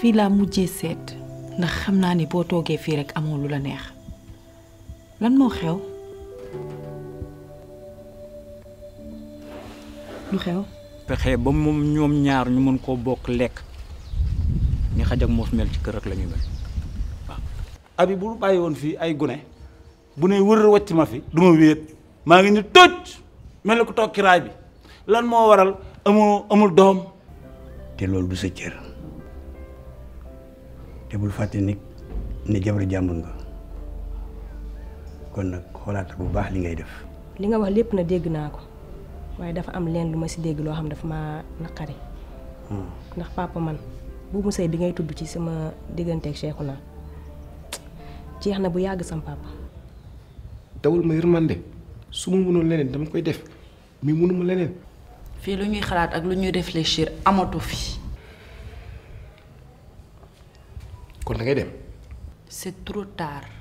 fii laa mujjee seet ndax xam naa ni boo toogee fii rekk amoo lu la neex lan moo xew lu xew fexe ba moom ñoom ñaar ñu mën koo bokk lekk ni xaj ak moos mel ci kër ak la ñu mel waaw abi bu bàyyi woon fii ay gune bu ne wër wàcc ma fi du wéet maa ngi ni toj mel ni ku toog bi lan moo waral amoo amul doom te loolu du sa cër te bul fàtte ni ne jabaru jàmbur kon nag xoolaat bu baax li ngay def. li nga wax lépp na dégg naa ko waaye dafa am leen lu ma si dégg loo xam dafa ma naqari. Hmm. ndax papa man buubu sëy bi ngay tudd ci sama digganteeg Cheikhouna jeex na bu yàgg sam papa. dawul ma yërmande su ma mënoon leneen dama koy def mais mënuma leneen. fii lu ñuy xalaat ak lu ñuy réfléchir amatu fii kon da ngay dem. c'est trop tard.